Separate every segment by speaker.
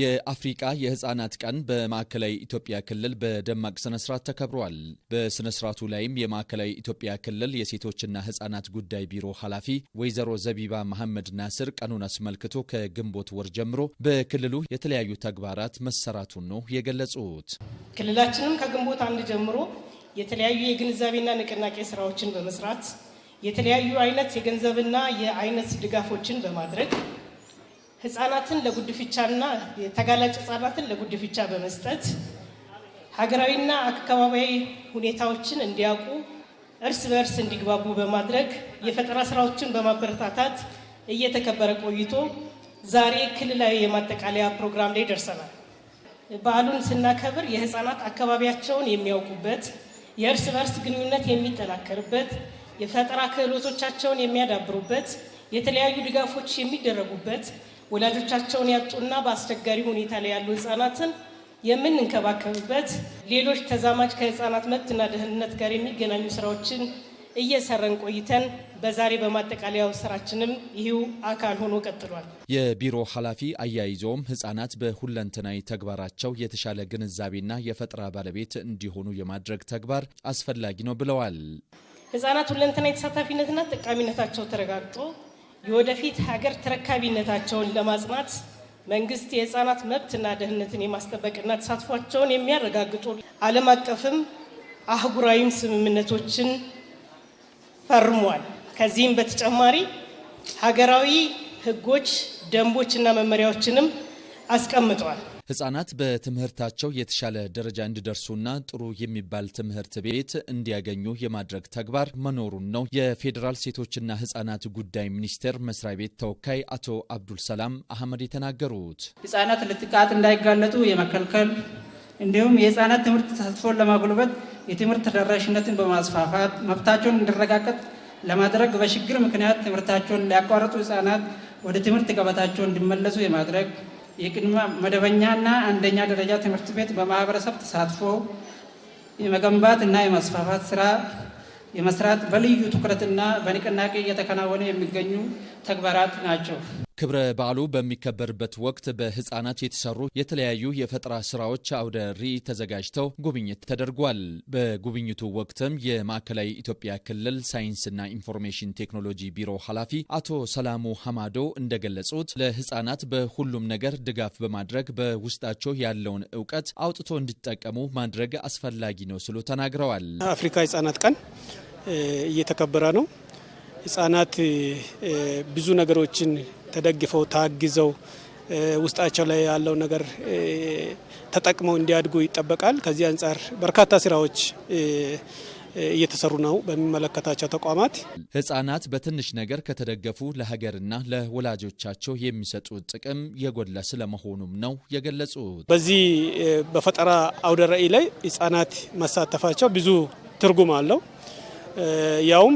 Speaker 1: የአፍሪቃ የህፃናት ቀን በማዕከላዊ ኢትዮጵያ ክልል በደማቅ ስነስርዓት ተከብሯል። በስነስርዓቱ ላይም የማዕከላዊ ኢትዮጵያ ክልል የሴቶችና ህፃናት ጉዳይ ቢሮ ኃላፊ ወይዘሮ ዘቢባ መሐመድ ናስር ቀኑን አስመልክቶ ከግንቦት ወር ጀምሮ በክልሉ የተለያዩ ተግባራት መሰራቱን ነው የገለጹት።
Speaker 2: ክልላችንም ከግንቦት አንድ ጀምሮ የተለያዩ የግንዛቤና ንቅናቄ ስራዎችን በመስራት የተለያዩ አይነት የገንዘብና የአይነት ድጋፎችን በማድረግ ህጻናትን ለጉድፍቻና የተጋላጭ ህጻናትን ለጉድፍቻ በመስጠት ሀገራዊና አካባቢያዊ ሁኔታዎችን እንዲያውቁ እርስ በእርስ እንዲግባቡ በማድረግ የፈጠራ ስራዎችን በማበረታታት እየተከበረ ቆይቶ ዛሬ ክልላዊ የማጠቃለያ ፕሮግራም ላይ ደርሰናል። በዓሉን ስናከብር የህፃናት አካባቢያቸውን የሚያውቁበት፣ የእርስ በእርስ ግንኙነት የሚጠናከርበት፣ የፈጠራ ክህሎቶቻቸውን የሚያዳብሩበት፣ የተለያዩ ድጋፎች የሚደረጉበት ወላጆቻቸውን ያጡና በአስቸጋሪ ሁኔታ ላይ ያሉ ህጻናትን የምንንከባከብበት ሌሎች ተዛማጅ ከህጻናት መብትና ደህንነት ጋር የሚገናኙ ስራዎችን እየሰረን ቆይተን በዛሬ በማጠቃለያው ስራችንም ይህው አካል ሆኖ ቀጥሏል።
Speaker 1: የቢሮ ኃላፊ አያይዘውም ህጻናት በሁለንተናዊ ተግባራቸው የተሻለ ግንዛቤና የፈጠራ ባለቤት እንዲሆኑ የማድረግ ተግባር አስፈላጊ ነው ብለዋል።
Speaker 2: ህጻናት ሁለንተናዊ ተሳታፊነትና ጠቃሚነታቸው ተረጋግጦ የወደፊት ሀገር ተረካቢነታቸውን ለማጽናት መንግስት የህፃናት መብትና ደህንነትን የማስጠበቅና ተሳትፏቸውን የሚያረጋግጡ ዓለም አቀፍም አህጉራዊም ስምምነቶችን ፈርሟል። ከዚህም በተጨማሪ ሀገራዊ ህጎች፣ ደንቦችና መመሪያዎችንም አስቀምጠዋል።
Speaker 1: ህጻናት በትምህርታቸው የተሻለ ደረጃ እንዲደርሱና ጥሩ የሚባል ትምህርት ቤት እንዲያገኙ የማድረግ ተግባር መኖሩን ነው የፌዴራል ሴቶችና ህጻናት ጉዳይ ሚኒስቴር መስሪያ ቤት ተወካይ አቶ አብዱል ሰላም አህመድ የተናገሩት።
Speaker 3: ህጻናት ለጥቃት እንዳይጋለጡ የመከልከል እንዲሁም የህጻናት ትምህርት ተሳትፎን ለማጉልበት የትምህርት ተደራሽነትን በማስፋፋት መብታቸውን እንዲረጋገጥ ለማድረግ በችግር ምክንያት ትምህርታቸውን ሊያቋረጡ ህጻናት ወደ ትምህርት ገበታቸው እንዲመለሱ የማድረግ የቅድመ መደበኛና አንደኛ ደረጃ ትምህርት ቤት በማህበረሰብ ተሳትፎ የመገንባት እና የማስፋፋት ስራ የመስራት በልዩ ትኩረትና በንቅናቄ እየተከናወኑ የሚገኙ ተግባራት ናቸው።
Speaker 1: ክብረ በዓሉ በሚከበርበት ወቅት በህፃናት የተሰሩ የተለያዩ የፈጠራ ስራዎች አውደ ርዕይ ተዘጋጅተው ጉብኝት ተደርጓል። በጉብኝቱ ወቅትም የማዕከላዊ ኢትዮጵያ ክልል ሳይንስና ኢንፎርሜሽን ቴክኖሎጂ ቢሮ ኃላፊ አቶ ሰላሙ ሀማዶ እንደገለጹት ለህፃናት በሁሉም ነገር ድጋፍ በማድረግ በውስጣቸው ያለውን እውቀት አውጥቶ እንዲጠቀሙ ማድረግ አስፈላጊ ነው ሲሉ ተናግረዋል።
Speaker 4: አፍሪካ ህጻናት ቀን እየተከበረ ነው። ህጻናት ብዙ ነገሮችን ተደግፈው ታግዘው ውስጣቸው ላይ ያለው ነገር ተጠቅመው እንዲያድጉ ይጠበቃል። ከዚህ አንጻር በርካታ ስራዎች እየተሰሩ ነው በሚመለከታቸው ተቋማት።
Speaker 1: ህጻናት በትንሽ ነገር ከተደገፉ ለሀገርና ለወላጆቻቸው የሚሰጡት ጥቅም የጎላ ስለመሆኑም ነው የገለጹት።
Speaker 4: በዚህ በፈጠራ አውደ ርዕይ ላይ ህጻናት መሳተፋቸው ብዙ ትርጉም አለው። ያውም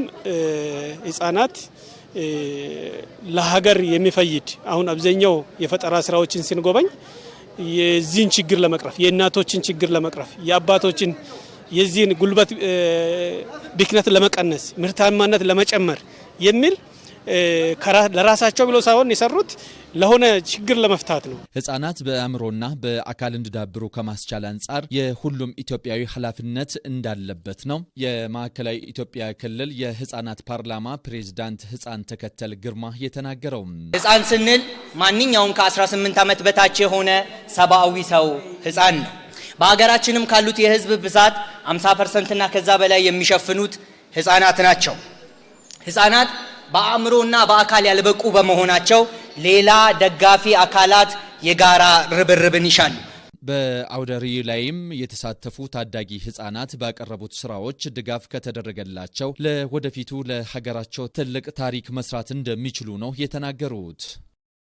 Speaker 4: ህጻናት ለሀገር የሚፈይድ አሁን አብዛኛው የፈጠራ ስራዎችን ስንጎበኝ የዚህን ችግር ለመቅረፍ የእናቶችን ችግር ለመቅረፍ የአባቶችን የዚህን ጉልበት ብክነት ለመቀነስ ምርታማነት ለመጨመር የሚል ለራሳቸው ብሎ ሳይሆን የሰሩት ለሆነ ችግር ለመፍታት ነው።
Speaker 1: ህጻናት በአእምሮና በአካል እንዲዳብሩ ከማስቻል አንጻር የሁሉም ኢትዮጵያዊ ኃላፊነት እንዳለበት ነው የማዕከላዊ ኢትዮጵያ ክልል የህጻናት ፓርላማ ፕሬዚዳንት ህጻን ተከተል ግርማ የተናገረው።
Speaker 5: ህጻን ስንል ማንኛውም ከ18 ዓመት በታች የሆነ ሰብአዊ ሰው ህጻን ነው። በሀገራችንም ካሉት የህዝብ ብዛት 50 ፐርሰንትና ከዛ በላይ የሚሸፍኑት ህጻናት ናቸው። ህጻናት በአእምሮና በአካል ያልበቁ በመሆናቸው ሌላ ደጋፊ አካላት የጋራ ርብርብን ይሻሉ።
Speaker 1: በአውደ ርዕይ ላይም የተሳተፉ ታዳጊ ህጻናት ባቀረቡት ስራዎች ድጋፍ ከተደረገላቸው ለወደፊቱ ለሀገራቸው ትልቅ ታሪክ መስራት እንደሚችሉ ነው የተናገሩት።